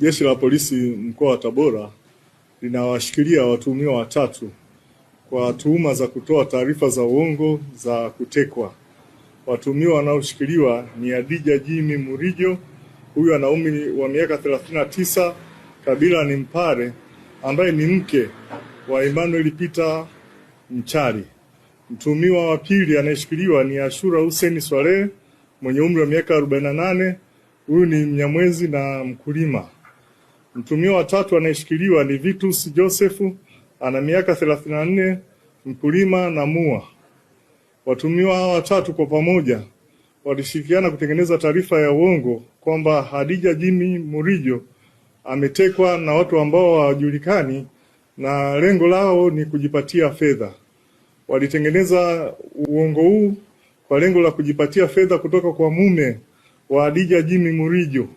Jeshi la Polisi mkoa wa Tabora linawashikilia watuhumiwa watatu kwa tuhuma za kutoa taarifa za uongo za kutekwa. Watuhumiwa wanaoshikiliwa ni Adija Jimmy Murijo, huyu ana umri wa miaka 39, kabila ni Mpare, ambaye ni mke wa Emmanuel Peter Mchari. Mtuhumiwa wa pili anayeshikiliwa ni Ashura Hussein Swalehe mwenye umri wa miaka 48, huyu ni Mnyamwezi na mkulima. Mtumio wa tatu anayeshikiliwa ni Vitus Joseph ana miaka 34, mkulima na mua. watumiwa hawa watatu kwa pamoja walishirikiana kutengeneza taarifa ya uongo kwamba Hadija Jimmy Murijo ametekwa na watu ambao hawajulikani na lengo lao ni kujipatia fedha. Walitengeneza uongo huu kwa lengo la kujipatia fedha kutoka kwa mume wa Hadija Jimmy Murijo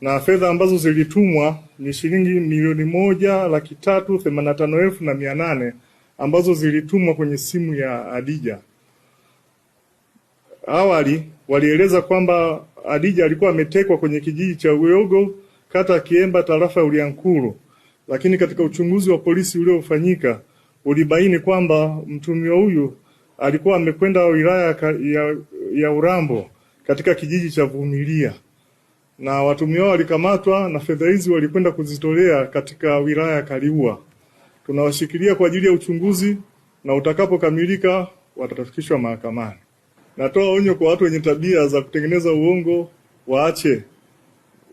na fedha ambazo zilitumwa ni shilingi milioni moja laki tatu themanini na tano elfu na mia nane ambazo zilitumwa kwenye simu ya Adija. Awali walieleza kwamba Adija alikuwa ametekwa kwenye kijiji cha Uyogo, kata ya Kiemba, tarafa ya Uliankuru, lakini katika uchunguzi wa polisi uliofanyika ulibaini kwamba mtumio huyu alikuwa amekwenda wilaya ya, ya Urambo katika kijiji cha Vumilia na watumia wao walikamatwa na fedha hizi walikwenda kuzitolea katika wilaya ya Kaliua. Tunawashikilia kwa ajili ya uchunguzi na utakapokamilika watafikishwa mahakamani. Natoa onyo kwa watu wenye tabia za kutengeneza uongo waache.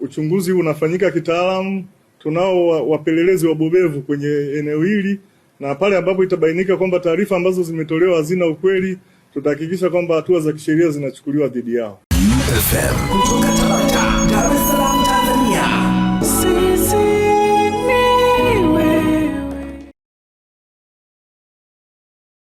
Uchunguzi unafanyika kitaalamu. Tunao wapelelezi wabobevu kwenye eneo hili, na pale ambapo itabainika kwamba taarifa ambazo zimetolewa hazina ukweli, tutahakikisha kwamba hatua za kisheria zinachukuliwa dhidi yao. Paris,